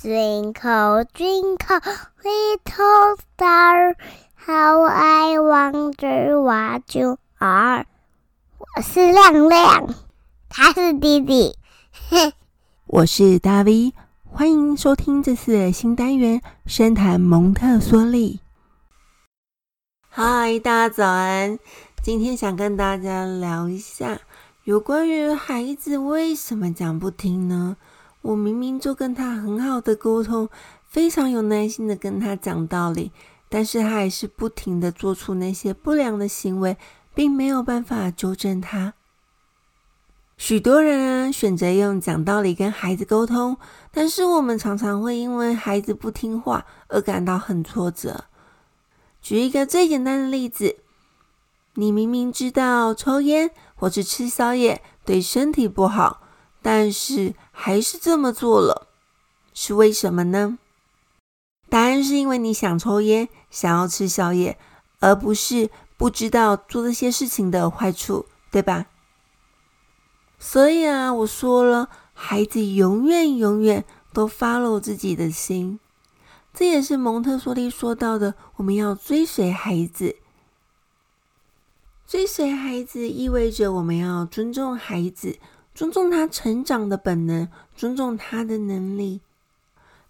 Twinkle, twinkle, little star, how I wonder what you are。我是亮亮，他是弟弟。 我是大 V，歡迎收聽這次的新單元《深談蒙特梭利》。嗨，大家早安！今天想跟大家聊一下有關於孩子為什麼講不聽呢？我明明就跟他很好的溝通，非常有耐心的跟他講道理，但是他還是不停的做出那些不良的行為，並沒有辦法糾正他。許多人啊，選擇用講道理跟孩子溝通，但是我們常常會因為孩子不聽話而感到很挫折。舉一個最簡單的例子，你明明知道抽菸或是吃宵夜對身體不好。但是還是這麼做了，是為什麼呢？答案是因為你想抽煙，想要吃宵夜，而不是不知道做這些事情的壞處，對吧？所以啊，我說了，孩子永遠永遠都 follow 自己的心，這也是蒙特梭利說到的。我們要追隨孩子，追隨孩子意味着我們要尊重孩子。尊重他成長的本能，尊重他的能力。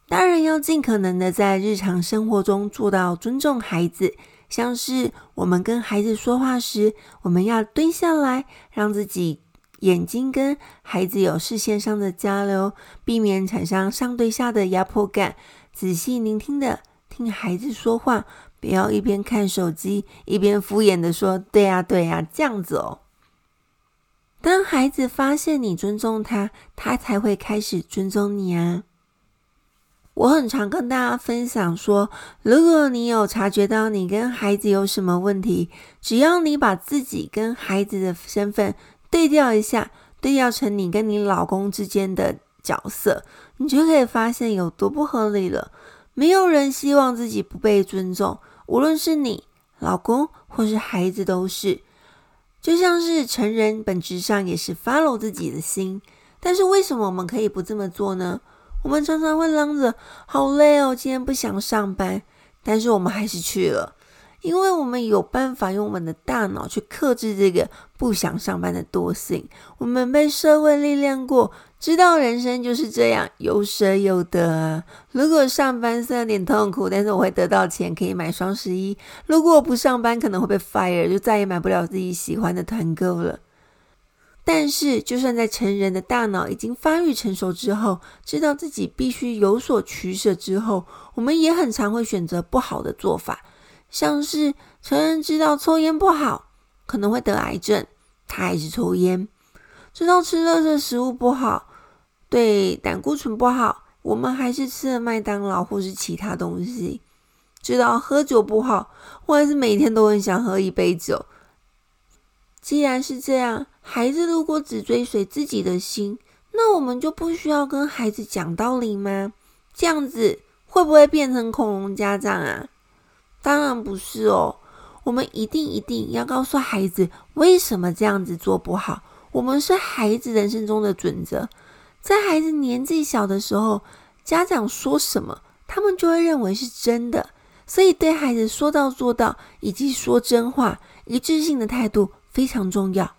當然要盡可能的在日常生活中做到尊重孩子，像是我們跟孩子說話時，我們要蹲下來，讓自己眼睛跟孩子有視線上的交流，避免產生上對下的壓迫感。仔細聆聽的聽孩子說話，不要一邊看手機，一邊敷衍的說“對呀，對呀”這樣子哦。當孩子發現你尊重他，他才會開始尊重你啊！我很常跟大家分享說，如果你有察覺到你跟孩子有什麼問題，只要你把自己跟孩子的身份對調一下，對調成你跟你老公之間的角色，你就可以發現有多不合理了。沒有人希望自己不被尊重，無論是你老公或是孩子都是。就像是成人本質上也是 follow 自己的心，但是為什麼我們可以不這麼做呢？我們常常會嚷着“好累哦，今天不想上班”，但是我們還是去了，因為我們有辦法用我們的大腦去克制這個不想上班的惰性。我們被社會力量過。知道人生就是這樣，有捨有得。如果上班雖然有點痛苦，但是我會得到錢，可以買雙十一。如果不上班，可能會被 fire，就再也買不了自己喜歡的團購了。但是，就算在成人的大腦已經發育成熟之後，知道自己必須有所取捨之後，我們也很常會選擇不好的做法，像是成人知道抽菸不好，可能會得癌症，他還是抽菸；知道吃垃圾食物不好。對，膽固醇不好，我們還是吃了麥當勞或是其他東西。知道喝酒不好，或者是每天都很想喝一杯酒。既然是這樣，孩子如果只追隨自己的心，那我們就不需要跟孩子講道理嗎？這樣子會不會變成恐龍家長啊？當然不是哦，我們一定一定要告訴孩子，為什麼這樣子做不好。我們是孩子人生中的準則。在孩子年紀小的時候，家長說什麼，他們就會認為是真的。所以，對孩子說到做到以及說真話、一致性的態度非常重要。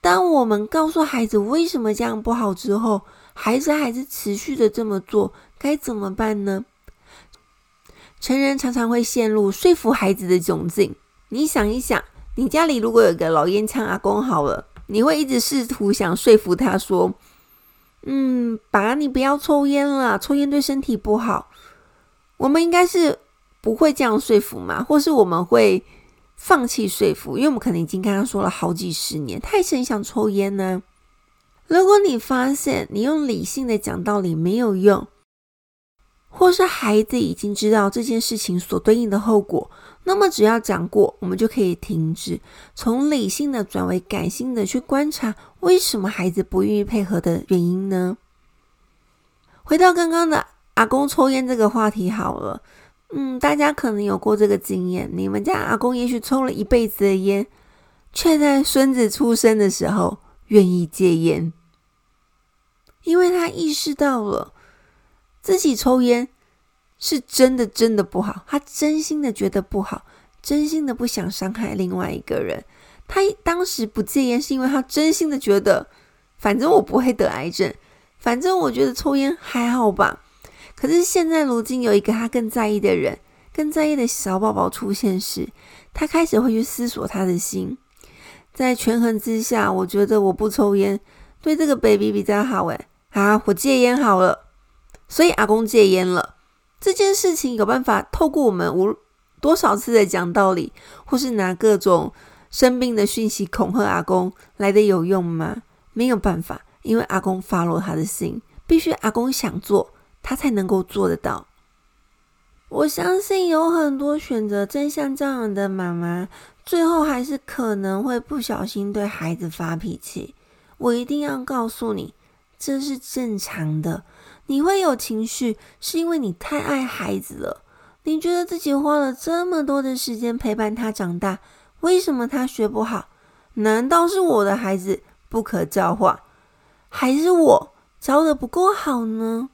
當我們告訴孩子為什麼這樣不好之後，孩子還是持續的這麼做，該怎麼辦呢？成人常常會陷入說服孩子的窘境。你想一想，你家裡如果有個老菸槍阿公好了，你會一直試圖想說服他說。嗯，爸，你不要抽菸了，抽菸對身體不好。我們應該是不會這樣說服嘛，或是我們會放棄說服，因為我們可能已經跟他說了好幾十年，他也是很想抽菸呢。如果你發現你用理性的講道理沒有用，或是孩子已經知道這件事情所對應的後果，那麼只要講過，我們就可以停止，從理性的轉為感性的去觀察。為什麼孩子不願意配合的原因呢？回到剛剛的阿公抽菸這個話題好了，嗯，大家可能有過這個經驗，你們家阿公也許抽了一輩子的菸，卻在孫子出生的時候願意戒菸，因為他意識到了自己抽菸是真的真的不好，他真心的覺得不好，真心的不想傷害另外一個人。他當時不戒煙，是因為他真心的覺得，反正我不會得癌症，反正我覺得抽煙還好吧。可是現在，如今有一個他更在意的人，更在意的小寶寶出現時，他開始會去思索他的心。在權衡之下，我覺得我不抽煙對這個 baby 比較好。哎，啊，我戒煙好了。所以阿公戒煙了。這件事情有辦法透過我們無多少次的講道理，或是拿各種。生病的訊息恐嚇阿公來得有用嗎？沒有辦法，因為阿公 follow 他的心，必須阿公想做，他才能夠做得到。我相信有很多選擇真相這樣的媽媽，最後還是可能會不小心對孩子發脾氣。我一定要告訴你，這是正常的。你會有情緒，是因為你太愛孩子了。你覺得自己花了這麼多的時間陪伴他長大。為什麼他學不好？難道是我的孩子不可教化，還是我教得不夠好呢？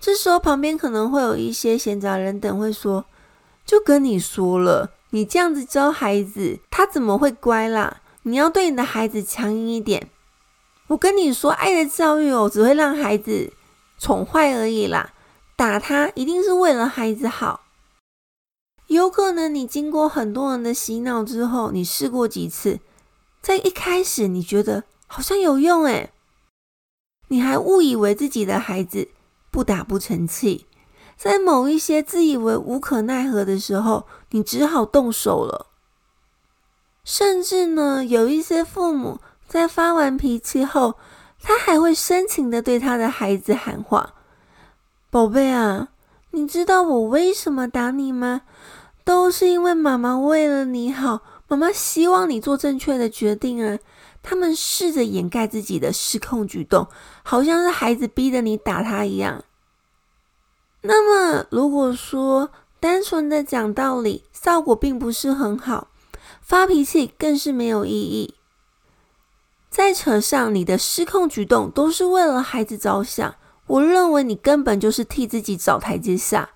這時候旁邊可能會有一些閒雜人等會說：“就跟你說了，你這樣子教孩子，他怎麼會乖啦？你要對你的孩子強硬一點。我跟你說，愛的教育哦，只會讓孩子寵壞而已啦。打他一定是為了孩子好。”有可能你經過很多人的洗腦之後，你試過幾次，在一開始你覺得好像有用哎，你還誤以為自己的孩子不打不成器，在某一些自以為無可奈何的時候，你只好動手了。甚至呢，有一些父母在發完脾氣後，他還會深情地對他的孩子喊話：“寶貝啊，你知道我為什麼打你嗎？”都是因為媽媽為了你好，媽媽希望你做正確的決定啊！他們試着掩蓋自己的失控舉動，好像是孩子逼着你打他一樣。那麼，如果說單純的講道理，效果並不是很好，發脾氣更是沒有意義。再扯上你的失控舉動，都是為了孩子着想，我認為你根本就是替自己找台階下。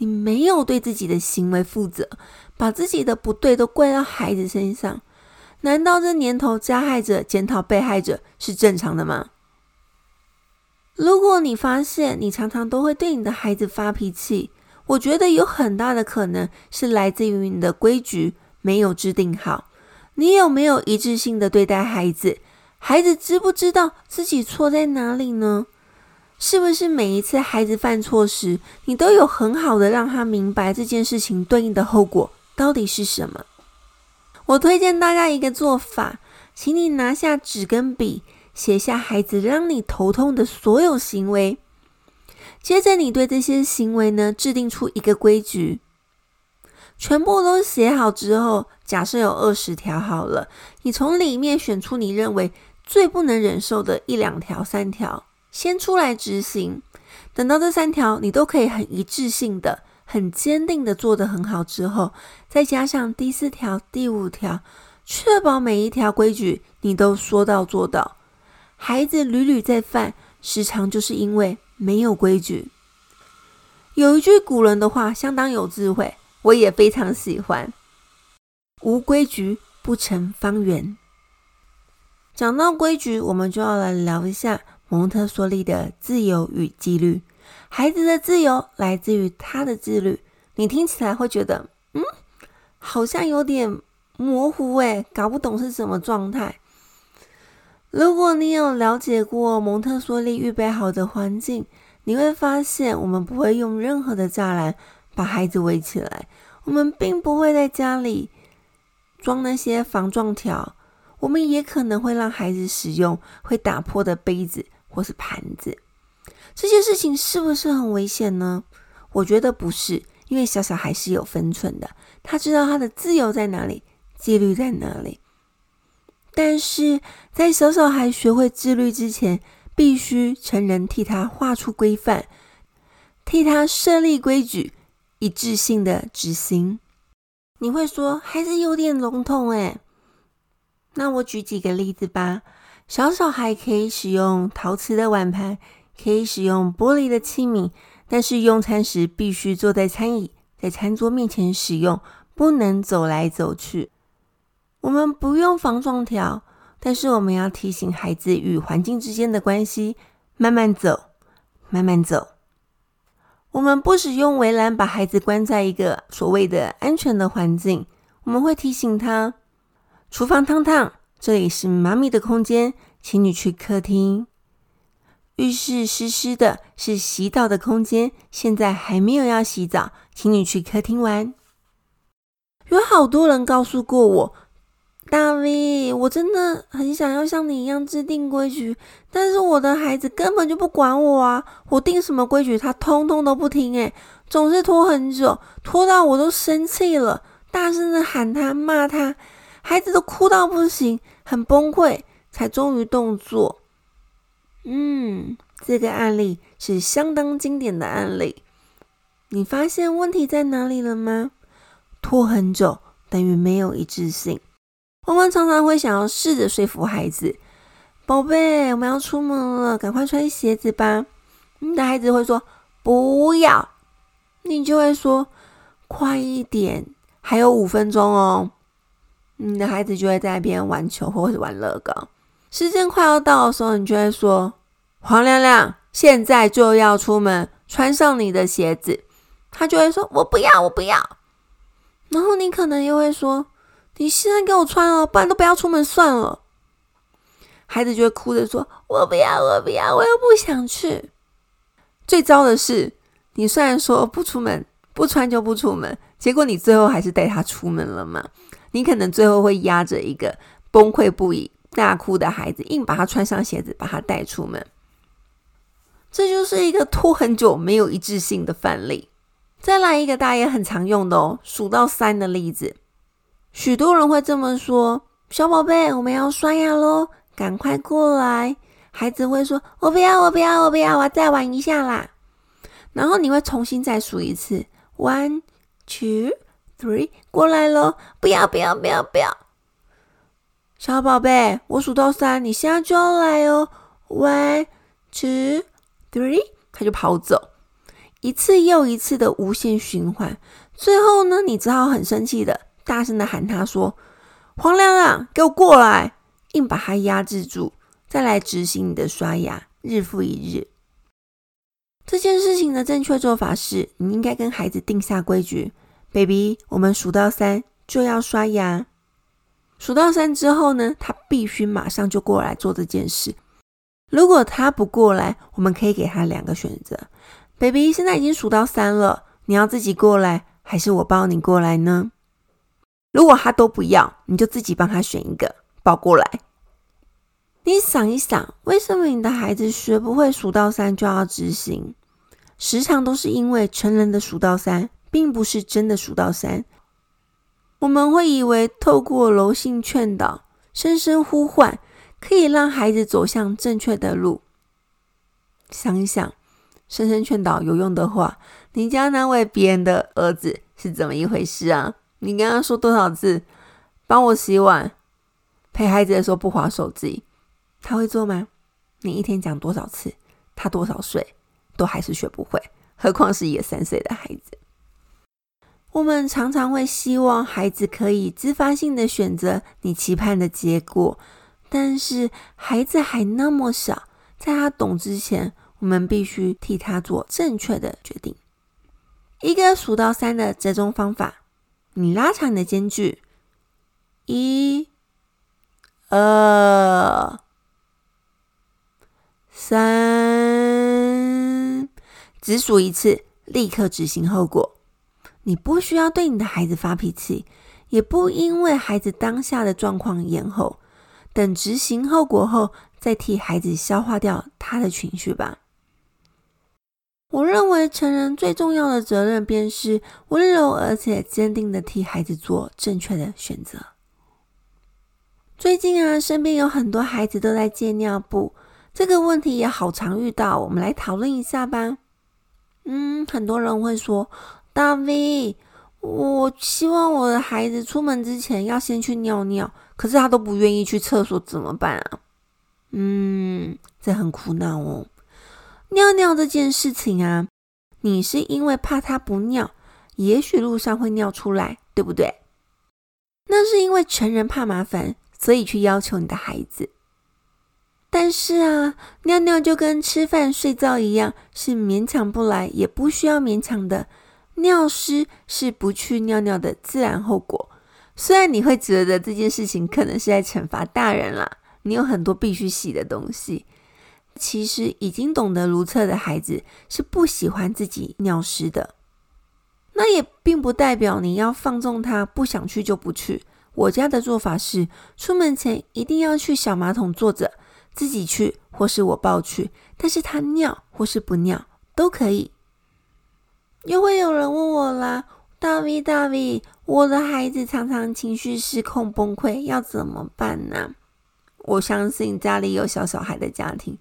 你沒有對自己的行為負責，把自己的不對都怪到孩子身上，難道這年頭加害者檢討被害者是正常的嗎？如果你發現你常常都會對你的孩子發脾氣，我覺得有很大的可能是來自於你的規矩沒有制定好。你有沒有一致性的對待孩子？孩子知不知道自己錯在哪裡呢？是不是每一次孩子犯錯時，你都有很好的讓他明白這件事情對應的後果到底是什麼？我推薦大家一個做法，請你拿下紙跟筆，寫下孩子讓你頭痛的所有行為。接着，你對這些行為呢，制定出一個規矩。全部都寫好之後，假設有二十條好了，你從裡面選出你認為最不能忍受的一兩條、三條。先出來執行，等到這三條你都可以很一致性的、很堅定的做得很好之後，再加上第四條、第五條，確保每一條規矩你都說到做到。孩子屢屢在犯，時常就是因為沒有規矩。有一句古人的話相當有智慧，我也非常喜歡：無規矩不成方圓。講到規矩，我們就要來聊一下。蒙特梭利的自由與紀律，孩子的自由來自於他的自律。你聽起來會覺得，嗯，好像有點模糊誒、欸，搞不懂是什麼狀態。如果你有了解過蒙特梭利預備好的環境，你會發現我們不會用任何的柵欄把孩子圍起來，我們並不會在家裡裝那些防撞條，我們也可能會讓孩子使用會打破的杯子，或是盤子，這些事情是不是很危險呢？我覺得不是，因為小小孩是有分寸的，他知道他的自由在哪裡，紀律在哪裡。但是在小小孩學會自律之前，必須成人替他畫出規範，替他設立規矩，一致性的執行。你會說，還是有點籠統誒？那我舉幾個例子吧。小小孩可以使用陶瓷的碗盤，可以使用玻璃的器皿，但是用餐時必須坐在餐椅，在餐桌面前使用，不能走來走去。我們不用防撞條，但是我們要提醒孩子與環境之間的關係，慢慢走，慢慢走。我們不使用圍欄把孩子關在一個所謂的安全的環境，我們會提醒他：廚房燙燙。這裡是媽咪的空間，請你去客廳。浴室濕濕的，是洗澡的空間。現在還沒有要洗澡，請你去客廳玩。有好多人告訴過我，大 V，我真的很想要像你一樣制定規矩，但是我的孩子根本就不管我啊！我定什麼規矩，他通通都不聽，欸，哎，總是拖很久，拖到我都生氣了，大聲的喊他，罵他。孩子都哭到不行，很崩潰，才終於動作。嗯，這個案例是相當經典的案例。你發現問題在哪裡了嗎？拖很久等於沒有一致性。我們常常會想要試着說服孩子：“寶貝，我們要出門了，趕快穿鞋子吧。”嗯，你的孩子會說：“不要。”你就會說：“快一點，還有五分鐘哦。”你的孩子就會在那邊玩球或者玩樂高。時間快要到的時候，你就會說：“黃亮亮，現在就要出門，穿上你的鞋子。”他就會說：“我不要，我不要。”然後你可能又會說：“你現在給我穿哦，不然都不要出門算了。”孩子就會哭着說：“我不要，我不要，我又不想去。”最糟的是，你雖然說不出門，不穿就不出門，結果你最後還是帶他出門了嘛。你可能最後會壓着一個崩潰不已、大哭的孩子，硬把他穿上鞋子，把他帶出門。這就是一個拖很久沒有一致性的範例。再來一個大家也很常用的哦，數到三的例子。許多人會這麼說：“小寶貝，我們要刷牙嘍，趕快過來。”孩子會說：“我不要，我不要，我不要，我再玩一下啦。”然後你會重新再數一次：one，two。Three, 過來咯，不要不要不要不要，小寶貝，我數到三，你現在就要來哦。One two three，他就跑走，一次又一次的無限循環。最後呢，你只好很生氣的，大聲的喊他說：“黃亮亮，給我過來！”硬把他壓制住，再來執行你的刷牙。日復一日。這件事情的正確做法是你應該跟孩子定下規矩。Baby，我們數到三就要刷牙。數到三之後呢，他必須馬上就過來做這件事。如果他不過來，我們可以給他兩個選擇。Baby，現在已經數到三了，你要自己過來，還是我抱你過來呢？如果他都不要，你就自己幫他選一個，抱過來。你想一想，為什麼你的孩子學不會數到三就要執行？時常都是因為成人的數到三，並不是真的數到三，我們會以為透過柔性勸導、深深呼喚，可以讓孩子走向正確的路。想一想，深深勸導有用的話，你家那位別人的兒子是怎麼一回事啊？你跟他說多少次，幫我洗碗，陪孩子的時候不滑手機，他會做嗎？你一天講多少次，他多少歲都還是學不會，何況是一個三歲的孩子。我們常常會希望孩子可以自發性的選擇你期盼的結果，但是孩子還那麼小，在他懂之前，我們必須替他做正確的決定。一個數到三的折中方法，你拉長你的間距，一、二、三，只數一次，立刻執行後果。你不需要對你的孩子發脾氣，也不因為孩子當下的狀況延後，等執行後果後再替孩子消化掉他的情緒吧。我認為成人最重要的責任便是溫柔而且堅定的替孩子做正確的選擇。最近啊，身邊有很多孩子都在戒尿布，這個問題也好常遇到，我們來討論一下吧。嗯，很多人會說，大 V 我希望我的孩子出門之前要先去尿尿，可是他都不願意去廁所，怎麼辦啊？嗯，這很苦惱哦。尿尿這件事情啊，你是因為怕他不尿，也許路上會尿出來，對不對？那是因為成人怕麻煩，所以去要求你的孩子。但是啊，尿尿就跟吃飯、睡覺一樣，是勉強不來，也不需要勉強的。尿濕是不去尿尿的自然後果，雖然你會覺得這件事情可能是在懲罰大人啦，你有很多必須洗的東西。其實已經懂得如廁的孩子是不喜歡自己尿濕的，那也並不代表你要放縱他，不想去就不去。我家的做法是，出門前一定要去小馬桶坐着，自己去或是我抱去，但是他尿或是不尿，都可以。又會有人問我啦，大 V 大 V，我的孩子常常情緒失控、崩潰，要怎麼辦呢、啊？我相信家裡有小小孩的家庭，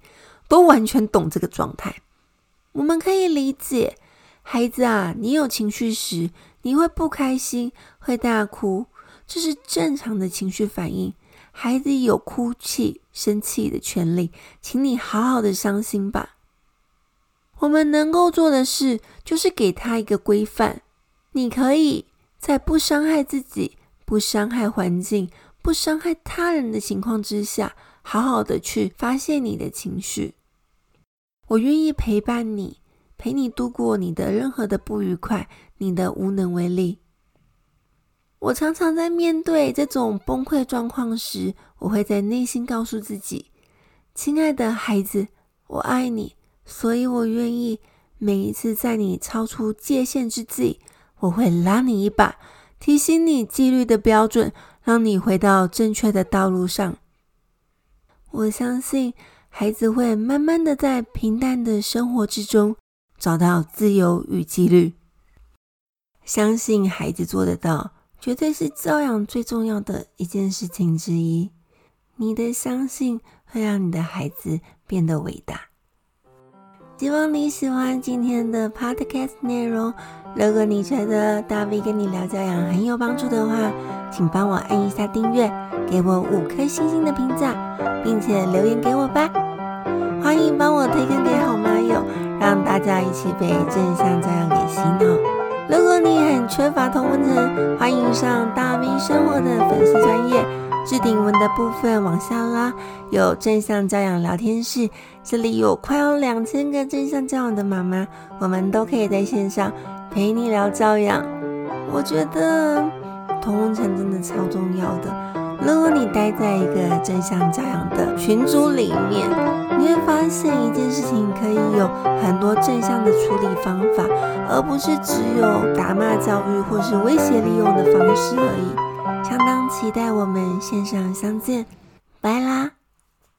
都完全懂這個狀態。我們可以理解，孩子啊，你有情緒時，你會不開心，會大哭，這是正常的情緒反應。孩子有哭泣、生氣的權利，請你好好的傷心吧。我們能夠做的事，就是給他一個規範。你可以，在不傷害自己、不傷害環境、不傷害他人的情況之下，好好的去發洩你的情緒。我願意陪伴你，陪你度過你的任何的不愉快，你的無能為力。我常常在面對這種崩潰狀況時，我會在內心告訴自己：“親愛的孩子，我愛你。”所以，我願意每一次在你超出界限之際，我會拉你一把，提醒你紀律的標準，讓你回到正確的道路上。我相信孩子會慢慢的在平淡的生活之中找到自由與紀律。相信孩子做得到，絕對是教養最重要的一件事情之一。你的相信會讓你的孩子變得偉大。希望你喜歡今天的 podcast 內容。如果你覺得大 V 跟你聊教養很有幫助的話，請幫我按一下訂閱，給我五顆星星的評價，並且留言給我吧。歡迎幫我推薦給好麻友，讓大家一起被正向教養給洗腦。如果你很缺乏同溫層，歡迎上大 V 生活的粉絲專頁。置頂文的部分往下拉，有正向教養聊天室，這裡有快要兩千個正向教養的媽媽，我們都可以在線上陪你聊教養。我覺得同程真的超重要的，如果你待在一個正向教養的群組裡面，你會發現一件事情可以有很多正向的處理方法，而不是只有打罵教育或是威脅利誘的方式而已。剛剛期待我們線上相見，拜拜啦！